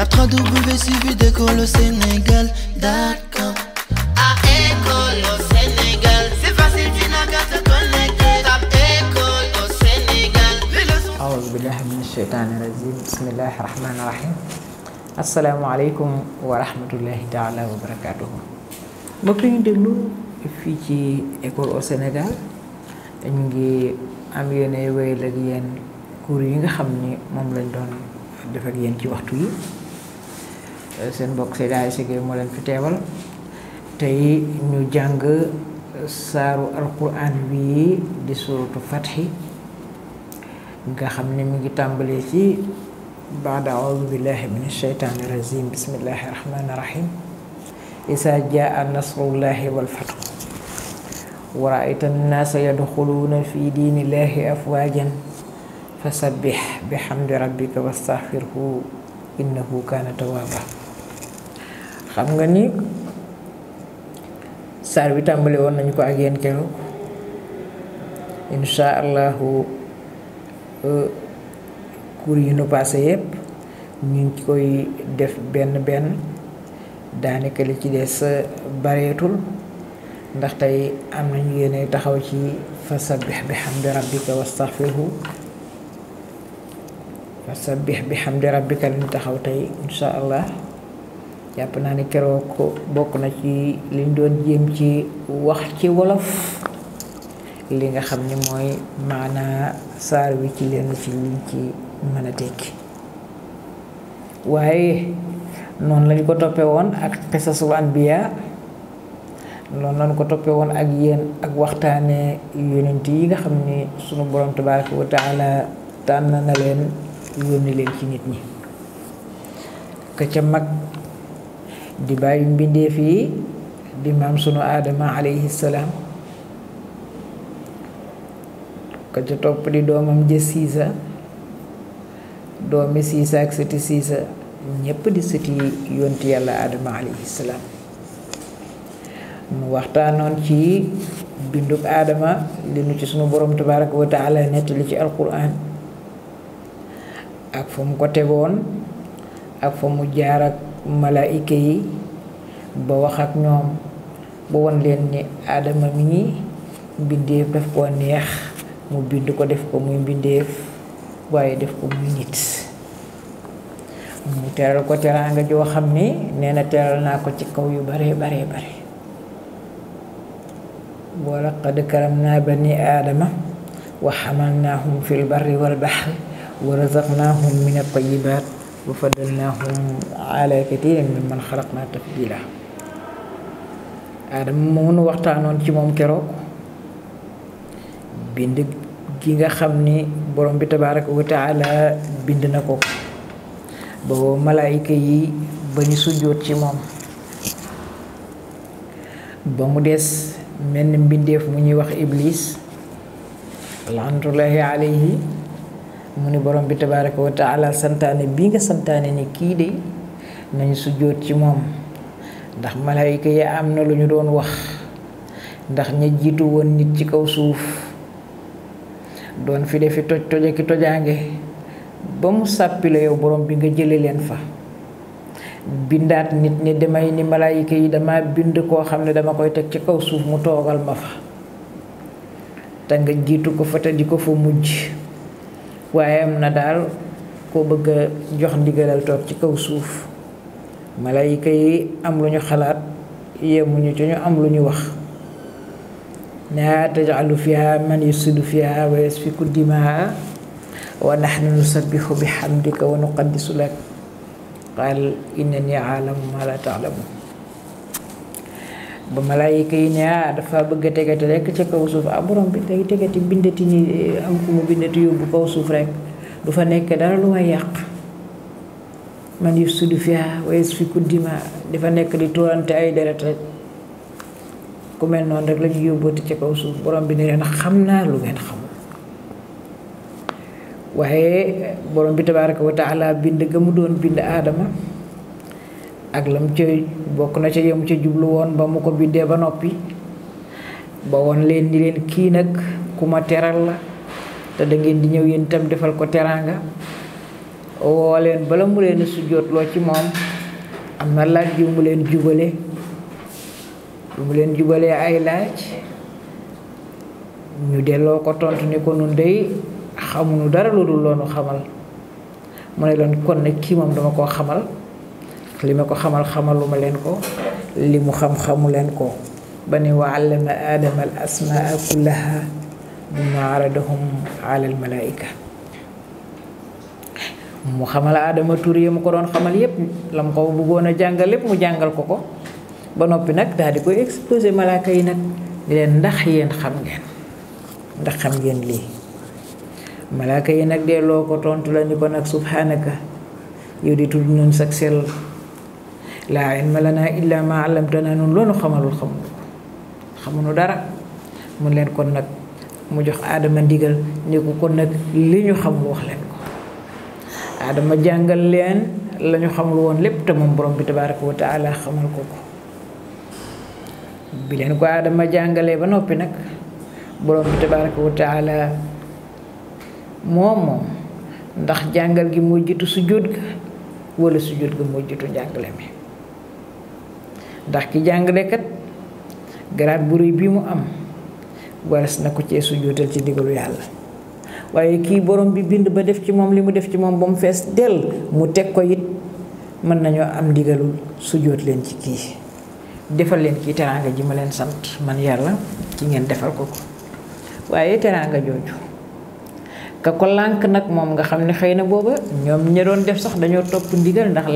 Tapera W d'école au Sénégal D'accord À école au Sénégal C'est facile tu n'as qu'à te connecter Tape école au Sénégal Les leçons am yéen ay wéyal ak yéen cours yi xam ni moom lañ doon def ci waxtu yi seen mbokk Seydi Aïssa Gueye moo leen fi teewal tey ñu jàng saaru alquran bii di suratu fatxi nga xam ni mu ngi tàmbale ci baada audu billahi min alsheytaani rajim bismillahi rahmani rahim isa jaa nasrullahi walfatx wa raayta annaasa yadxuluuna fi diinillahi afwaajan fasabbix bihamdi rabbika wastaxfirhu innahu kaana tawaaba xam nga ni sar bi tàmbali won nañ ko ak yéen keroog insha euh cours yi nu passé yépp ñu ngi koy def ben ben daanaka li ci dess eh, bareetul ndax tay am nañ yene taxaw ci fasabbih bihamdi rabbika wastaghfirhu fasabbih bihamdi rabbika lañu taxaw tay insha allah Ya pernah ne kero ko bok na ci lindon doon jéem ci wax ci wolof li nga xamni moy mana sar wi ci len ci ni ci mana tek waye non lañ ko topé won ak suwan biya non lañ ko topé won ak yeen ak waxtane yonent yi nga xamni sunu borom tabaraka wa taala tan na len yoni len ci nit ñi ka ca mag di bàyyi mbinde fi di maam sunu adama alayhi salam ka ci top di domam je sisa domi sisa ak siti sisa ñepp di siti yonti yalla adama alayhi salam mu waxtanon ci bindub adama li nu ci sunu borom tabaraka wa taala nettali ci alquran ak fu mu ko tegon ak fu mu jaar ak malaayika yi ba wax ak ñoom ba won leen ni aadama mi mbindeef daf koo neex mu bind ko def ko muy mbindeef waaye def ko muy nit mu teral ko teraanga joo xam ni nee na teral naa ko ci kaw yu bare bare bare wa laqad karamnaa bani aadama wa xamalnaahum fil barri wal baxri wa razaqnaahum min at-tayyibaat wa faddalnaahum ala kathirin mimman xalaqnaa tafdiila aadama moom nu waxtaanoon ci moom keroog bind gi nga xam ni borom bi tabaaraka wa bind na ko ba malaayika yi ba ñu sujjóot ci moom ba mu des menn mbindeef mu ñuy wax iblis laanatullaahi alayhi mu ni borom bi tabaraka wa taala santaane bii nga santaane ni kii de nañu sujjóot ci moom ndax malayka yi am na lu ñu doon wax ndax ña jiitu woon nit ci kaw suuf doon fi defi toj toje ki tojaange ba mu sàppi la yow borom bi nga jële leen fa bindaat nit ñi demay ni malayka yi dama bind koo xam ne dama koy teg ci kaw suuf mu toogal ma fa te nga jiitu ko fa te di ko fa mujj waaye am na daal koo bëgg a jox ndigalal toog ci kaw suuf malayka yi am lu ñu xalaat yemuñu ci ñu am lu ñu wax naa tajalu fiha man yusidu fiha wa yasfiku dimaa wa nahnu nusabbihu bihamdika wa nuqaddisu lak qaal innani aalamu ma la taalamun ba malaayika yi ne ah dafa bëgg a tegati rekk ca kaw suuf ah borom bi day tegati bindati ni eh, am ku mu bindati yóbbu kaw suuf rekk du fa nekk dara lu may yàq man yu sudi fiya wayes fi kuddima dafa nekk di tuurante ay deret rek ku mel noonu rek la ñu yóbbooti ci kaw suuf borom bi ne leen xam naa lu ngeen xam waaye borom bi tabaaraka wa taala bind ga mu doon bind aadama ak lam ci bok na ci yam ci djublu won ba mu bidde ba nopi ba won len ni len ki nak kuma teral la te da ngeen di ñew yeen tam defal ko teraanga o leen bala mu jot lo ci mom am na laaj yu mu len jubale yu mu len djubale ay laaj ñu delo ko tontu ni ko nun dey xamnu dara lu dul xamal mu ne lan kon nag ki mom dama ko xamal Lima ko xamal xamaluma len ko limu xam-xamu leen ko bani wa allama adam al asmaa kullaha bima aradahum ala al malaika mu xamal aadama tur yi mu ko don xamal yépp lam ko bugona a jàngal mu jangal ko ko ba nopi nak daal di koy exposer malaika yi nak di len ndax yeen xam ngeen ndax xam ngeen li malaika yi de lo ko tontu la ni ko nak subhanaka yow di la ilma lana illa ma allamtana nun loonu xamalul xamul xamunu dara mu len kon nak mu jox adama ndigal ni ko kon nak liñu xam wax len ko adama jangal len lañu xamul won lepp te mom borom bi tabaaraku wa taala xamal ko ko bi len ko adama jangale ba nopi nak borom bi tabaaraku wa taala mom ndax jangal gi mo jitu sujud ga wala sujud ga mo jitu jangale me ndax ki jangale kat garaat bu bi mu am waras na ko cee sujjootal ci digalu yalla waye ki borom bi bind ba def ci mom limu mu def ci mom bam fess del mu tek ko yit man nañu am digalul sujud len ci ki defal len ki teranga ji ma len sant man yalla ci ngeen defal ko ko waaye teraanga jooju ka ko lank nak mom nga xam xeyna boba ñom ñeroon def sax dañu top ndigal ndax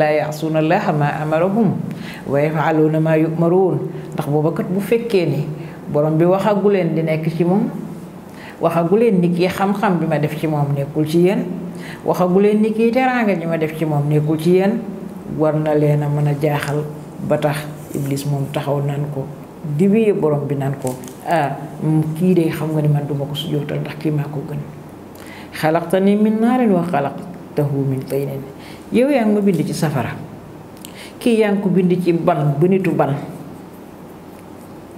ma amaruhum waye faaluna ma yu'marun ndax booba kat bu fekke ni borom bi waxagulen di nek ci mom waxagulen ni kii xam-xam bima def ci mom nekul ci yeen waxagulen ni kii teranga ni ma def ci mom nekul ci yeen warna leena meuna jaaxal ba tax iblis mom taxaw nan ko diwee borom bi nan ko ah mm, ki de xam nga ni man duma ko sujootal ndax ki mako gën khalaqtani min narin wa khalaqtahu min tayn yow ngi bind ci safara kii yang ku bindi ci ban bu nitu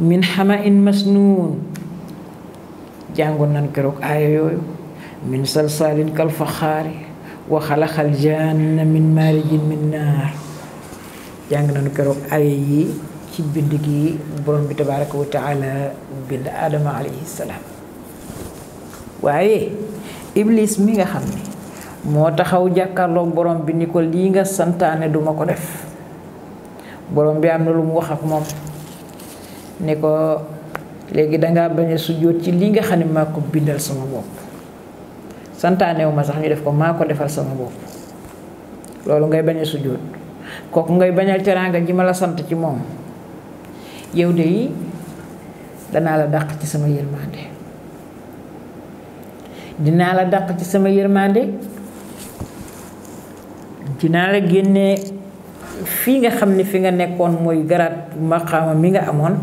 min hamain masnun jangon nan keroog min salsalin kal fakhari wa xalaxal janna min marijin min nar jàng nan keroog yi ci bindi gi borom bi tabarak wa taala bind adam alayhi salam iblis mi nga xamni mo taxaw jakarlo borom bi ni ko li nga santane duma ko def borom bi am na lu mu wax ak mom ne ko léegi dangaa bañ a sujjóot ci li nga xam mako bindal sama bopp santaanewu ma sax ñu def ko mako defal sama bop lolu ngay bañ a kok ngay bañal teranga ji mala sant ci mom yow de yi la dakk ci sama yermande dina la dakk ci sama yermande dina la génnee fi nga xamni fi nga nekkon moy garat maqama mi nga amoon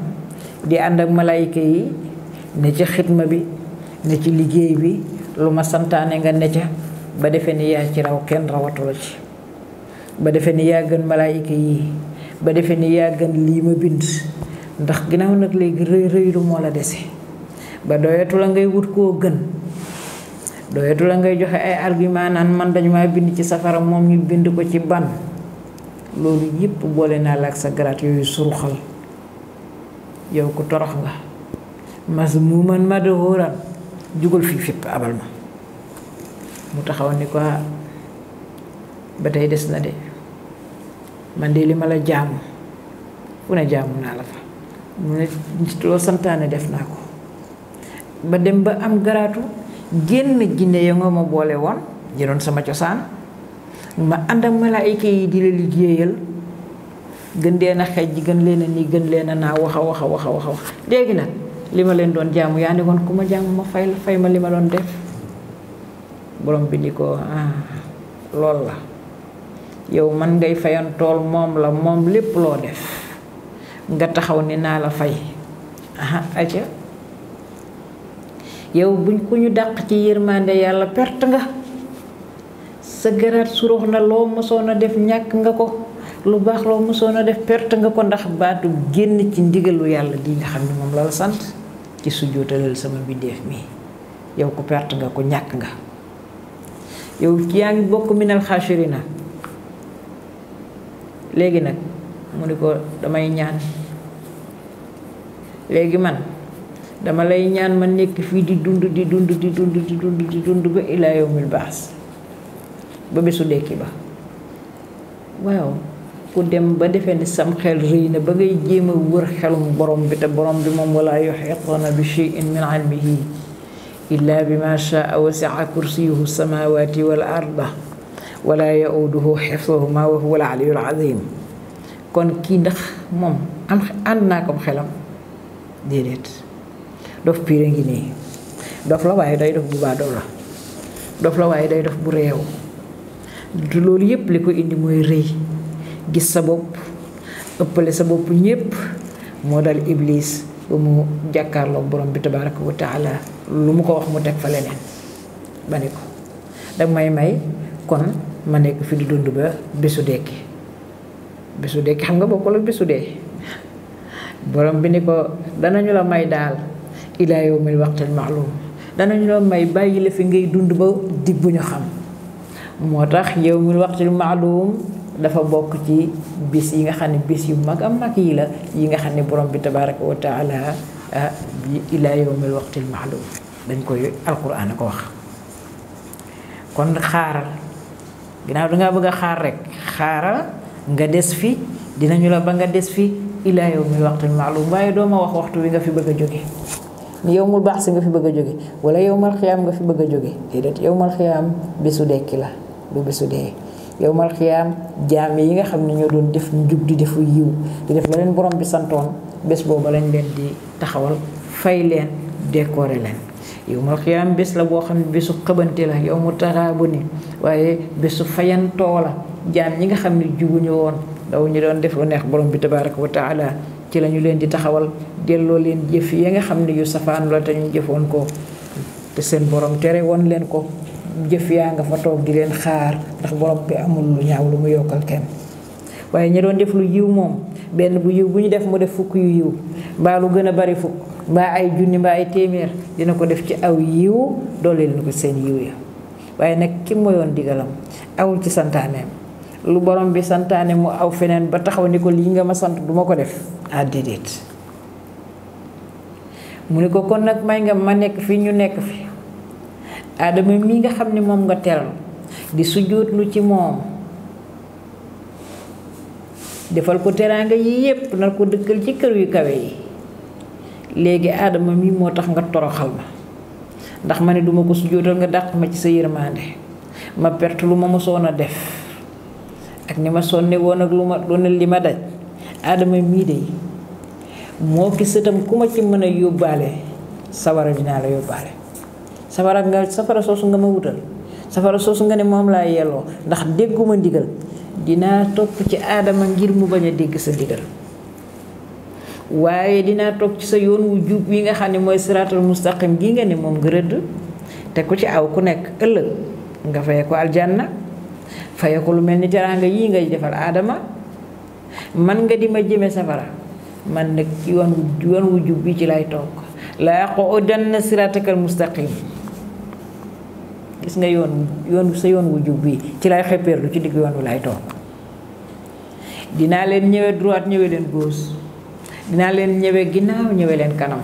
di and ak malaika yi ne ci xitma bi ne ci liggey bi luma santane nga ne ca ba defee ni yaa ci raw ken rawatu la ci ba defee ni gën malaika yi ba defee ni gën ma bind ndax nak leg reuy reuy lu mo la ba doyatu la ngay wut ko gën doyatu la ngay joxe ay argument nan man dañ ma bind ci safara mom ñu bind ko ci ban loolu yëpp boole naa la ak sa garaat yooyu suruxal yow ko torox nga mas mu mën ma doxóoran jugal fii fépp abal ma mu taxaw ni ko ah, ba tey des na de man de li ma la jaamu fu ne jaamu naa la fa mu ne loo santaane def naa ko ba dem ba am garaatu génn jinne ya nga ma boole woon ji sama cosaan ma anda malaika yi di la liggéeyal gën leen a xej gën leen a nii gën leen a naa wax a wax a wax a wax léegi nag li ma leen doon jaamu yaa ne woon ku ma jaamu ma fay fay ma li ma def borom bi ni ko ah lool la yow man ngay tol tool moom la moom lépp loo def nga taxaw ni naa la fay aha aja yow buñ ku ñu dàq ci yërmande yàlla perte nga sa suruh na loo mosoon na def nyak nga ko lu baax loo mosoon na def perte nga ko ndax baatu genn ci lu yalla di nga xamni mom la la sante ci sujjootalal sama def mi yow ko perte nga ko ñàkk nga yow yaa ngi bokk minal khashirina legi nak mu ni ko damay ñaan legi man dama lay ñaan ma nek fi di dund di dund di dund di dund di dund ba ila yawmil baas ba bésu dekki ba waaw ku dem ba defee ni sam xel rëy na ba ngay jéem a wër xelum borom bi te borom bi moom walaa yuxiquna bi cheyin min ilmihi illa bi ma chaa wasia kursiyuhu samawati wal arda wala yauduhu xifdahuma wa huwa al aliyul azim kon kii ndax moom am ànd naa kom xelam déedéet dof piire ngi nii dof la waaye day dof bu baadoo la dof la waaye day dof bu réew dulu yépp li ko indi mooy rëy gis sa bopp ëppale sa bopp ñépp moo dal iblis ba mu jàkkaarloog borom bi tabaraka wa taala lu mu ko wax mu teg fa leneen dag may may kon ma nekk fi di dund ba bésu dekki bésu dekki xam nga bokkul ak bésu dee borom bi ni ko danañu la may daal ila yawmil waqtil danañu la may bàyyi la fi ngay dund ba dibbu ñu xam motax yowul yau ma'lum dafa bok ci bis yi nga xamni bis yu mag am mak yi la yi nga xamni borom bi tabarak wa ta'ala ila yawmil waqtul ma'lum dañ koy alquran ko wax kon xaaral ginaaw da nga bëgg xaar rek xaaral nga dess fi dinañu la ba nga dess fi ila yawmil waqtul ma'lum waye do ma wax waxtu wi nga fi bëgg joggé ni yawmul ba'th nga fi bëgg joggé wala yawmal qiyam nga fi bëgg joggé dedet yawmal qiyam bisu dekk la bu bisu de yow mal xiyaam jaam yi nga xamni ñoo doon def njub di defu yiw di def la leen borom bi santoon bés booba lañ leen di taxawal fay leen décorer leen yow mal xiyaam bés la bo xamni ne bésu la yow mu tarabuni waye waaye fayan tola jami yi nga xamni ne ñu won daw ñu doon def lu neex borom bi tabaraka wa taala ci lañu leen di taxawal delo leen jëf yi nga xamni yu safaan la tañu jëfoon ko te seen borom téré won leen ko jëf yaa nga fa toog di leen xaar ndax borom bi amul lu ñaaw lu mu yokkal kenn waaye ñi doon def lu yiw moom benn bu yiw bu ñu def mu def fukk yu yiw mbaa lu gën a bari fukk mbaa ay junni mbaa ay téeméer dina ko def ci aw yiw dooleel ni ko seen yiw ya waaye nag ki moyoon digalam awul ci santaaneem lu borom bi santaane mu aw feneen ba taxaw ni ko lii nga ma sant duma ko def ah mu ne ko kon nag may nga ma nekk fi ñu nekk fi aadama mii nga xam ne moom nga teral di sujjóot lu ci moom defal ko teraanga yi yépp nar ko dëkkal ci kër yu kawe yi léegi aadama mi moo tax nga toroxal ma ndax ma ne duma ko sujjóotal nga dàq ma ci sa yërmaande ma perte lu ma mosoon a def ak ni ma sonne woon ak lu ma doon li ma daj aadama mii de moo ki sëtam ku ma ci mën a yóbbaale sawara dinaa la yóbbaale safara nga safara soosu nga ma wutal safara soosu nga ne mom la yelo ndax dégguma ndigal dina topp ci adam ngir mu baña deg sa ndigal waye dina toog ci sa yoon wu jub wi nga xam moy siratul mustaqim gi nga ne mom nga redd te ku ci aw ku nek ëllëg nga fay ko aljanna fay ko lu melni teranga yi nga defal man nga di ma jëme safara man nak ci yoon yoon wu jub bi ci lay tok la yaqudanna siratakal mustaqim gis nga yoon yoon sa yoon wu bi ci lay xeppeerlu ci digg yoon wi lay toog dina len ñëwe droite ñëwe len gauche dina len ñëwe ginnaaw ñëwe len kanam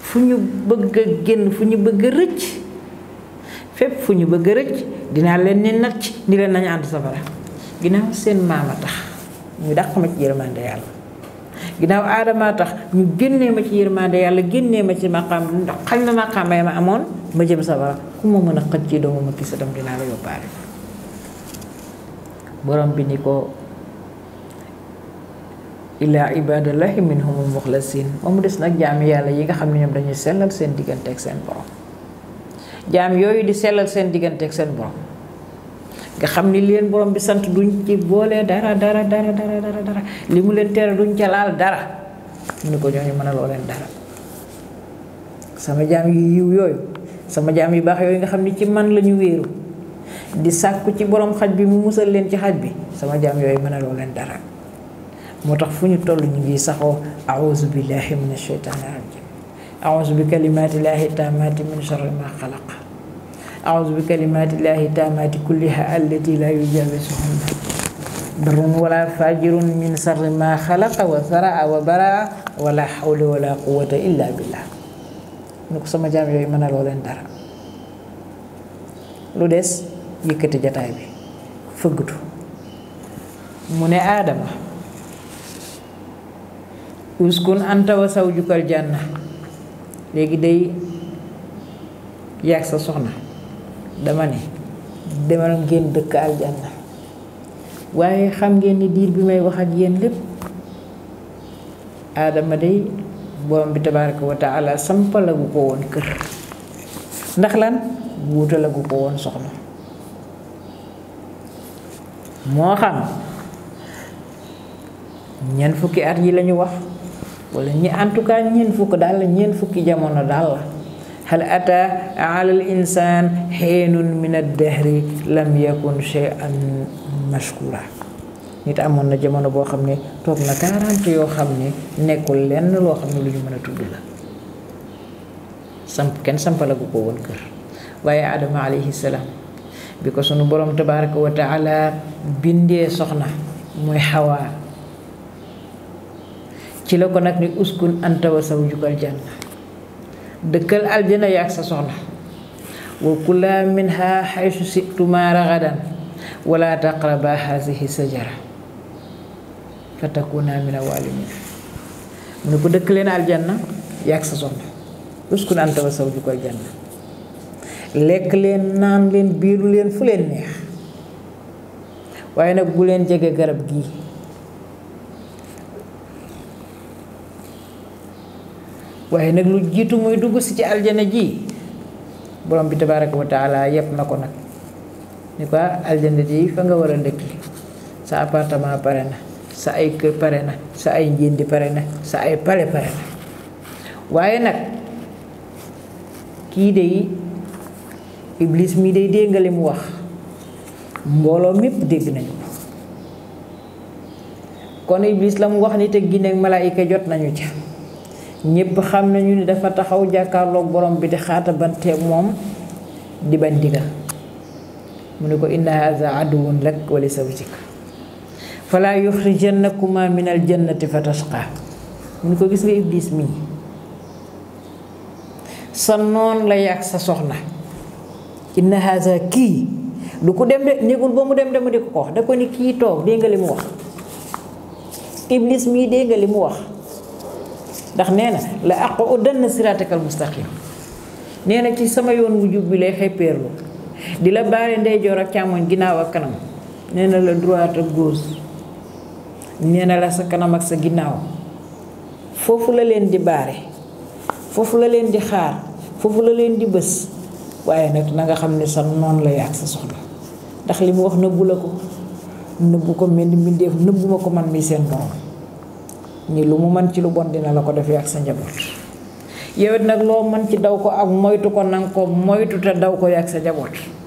fuñu bëgg a fuñu bëgg rëcc fep fuñu bëgg rëcc dina len ni nacc ni len nañ and safara ginnaaw seen mama tax ñu dakk ma ci yermande yalla ginnaaw adama tax ñu génnee ma ci yermande yalla génnee ma ci maqam ndax xañ ma ma amoon ma jëm safara කුමමන කච්චිඩෝම කිසටම් දිනාලෝ යපාරි pare boram bini ko ila ibadallahi minhum mukhlasin moom des nag jaam yàlla yi nga xamni ñom dañuy selal sen diggante ak borom jam yoy di selal sen diggante ak seen borom nga xamni leen borom bi sant duñ ci bolé dara dara dara dara dara dara limu leen téré duñ ci laal dara ñu ko ñooñu mëna lo leen dara sama jam yi yu yoy sama jaam yu baax yooyu nga xam ni ci man lañu ñu wéeru di sàkku ci boroom xaj bi mu musal leen ci xaj bi sama jaam yooyu mënaloo leen dara moo tax fu ñu toll ñu ngi saxoo auzu billahi min asheytaani rajim auzu bi kalimatillahi taamati min charri ma xalaq auzu bi kalimatillahi taamati kulliha allati la yujawisuhunna barun wala fajirun min charri ma xalaqa wa saraa wa baraa wala xawla wala quwata illa billah ni ko sama jaam yooyu mën a leen dara lu des yëkkati jataay bi fëggatu mu ne aadama uskun anta wa sawjukal janna léegi day yàgg sa soxna dama ne demal ngeen dëkk aljanna waaye xam ngeen ni diir bi may wax ak yéen lépp aadama day borom bi tabarak wa taala lagu ko won keur ndax lan wutalagu ko won soxna mo xam ñen fukki at yi lañu wax wala ñi en tout cas ñen fukk dal ñen fukki jamono dal hal ata ala al insan hinun min ad-dahri lam yakun shay'an mashkura nit amon na jamono bo xam ne na 40 yo xam ne len lo loo lu ñu mën tudd la samp ko won kër waye adam alayhi salam bi ko sunu borom tabaraka wa taala bindee soxna moy hawa ci la ko nag ni uskun anta wa sawjuka aljanna dëkkal aljana yak sa soxna wa minha xaysu situmaa ragadan wala taqrabu hadhihi sajarah fatakuna min mina mu ne ko dëkk leen aljanna yak sa soxna uskun anta wa sawjuka aljanna nan len nan len biiru len fu len neex waye nak bu len jege garab gi waye nak lu jitu muy dugg si ci aljana ji borom bi tabaraka wa taala yef nako nak ni ko aljana ji fa nga wara dekk sa appartement parena saayka pare na sa ay njindi pare na sa ay pale pare na iblis mi day dégg mu wax mbolo mépp dégg nañu kon iblis lam wax ni ak ginne ak malaika jot nañu ci ñepp xam nañu ni dafa taxaw jakarlo borom bi di xata moom di bandiga mu ne ko inna haza aduun lak wali sawjika fala yuxrijannakuma min aljannati fatasqa mun ko gis nga iblis mi sa noon la yak sa soxna inna hadha ki du ko dem de negul bo mu dem dem mu di ko wax da ko ni ki tok de nga limu wax iblis mi de nga limu wax ndax neena la aqudanna siratakal mustaqim neena ci sama yoon wu jubbi lay xeppeerlu di bare ndey jor ak càmmoñ ginaaw ak kanam neena la droite gauche nee na la sa kanam ak sa ginnaaw foofu la leen di baare foofu la leen di xaar foofu la leen di bës waaye nag na nga xam ne sa noon la yaag sa soxla ndax li mu wax nëbbu la ko nëbbu ko mel ni mbindeef nëbbu ko man mi seen borom ni lu mu man ci lu bon dina la ko defee ak sa njaboot yowet nag loo man ci daw ko ak moytu ko nanga ko moytu te daw ko yaag sa njaboot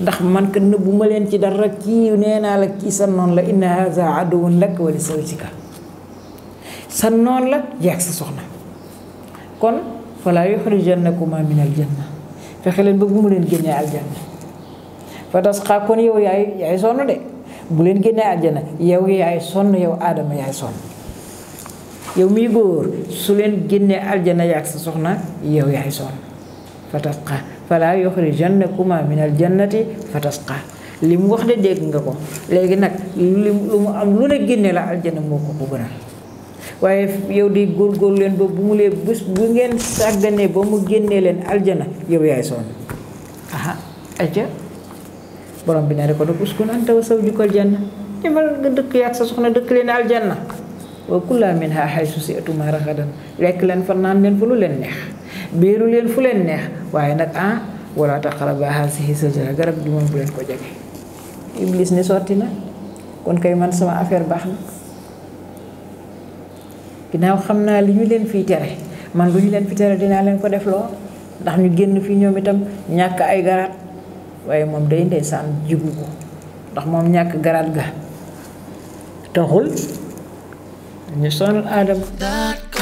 ndax man ka nëbbu ma leen ci dara kii nee naa la kii sa noon la inna haza aduwun lak wala sawtika sa noon la yaag sa soxna kon fala yuxrijannakuma min aljanna fexe leen ba bu mu leen génnee aljanna fa tasqaa kon yow yaay sonn de bu leen génnee aljanna yow yaay sonn yow aadama yaay sonn yow miy góor su leen génnee aljana yaag sa soxna yow yaay sonn fa tasqaa fala yukhrijannakum min aljannati fatasqa lim wax de deg nga ko legi nak, lu mu am lu ne genné la aljanna moko ko gënal waye yow di gor len bo bu mu le bus bu ngeen sagane bo mu genné len aljanna yow yaay son aha aja borom bi ne rek ko nag uskun anta wa jukal janna mal nga dekk yak sa soxna dekk len aljanna wa kulla minha haythu si'tuma ragadan lekk len fa nan len fu lu len neex beru len fu len neex waye nak ah wala taqraba hazihi sajara garab du mom bu len ko jage iblis ni sorti na kon kay man sama affaire baax na ginnaaw xam li ñu len fi téré man lu ñu len fi téré dina len ko def lo ndax ñu genn fi ñoom itam ñak ay garat waye mom day ndeysaan jigu ko ndax mom ñak garat ga taxul ñu sonal aadama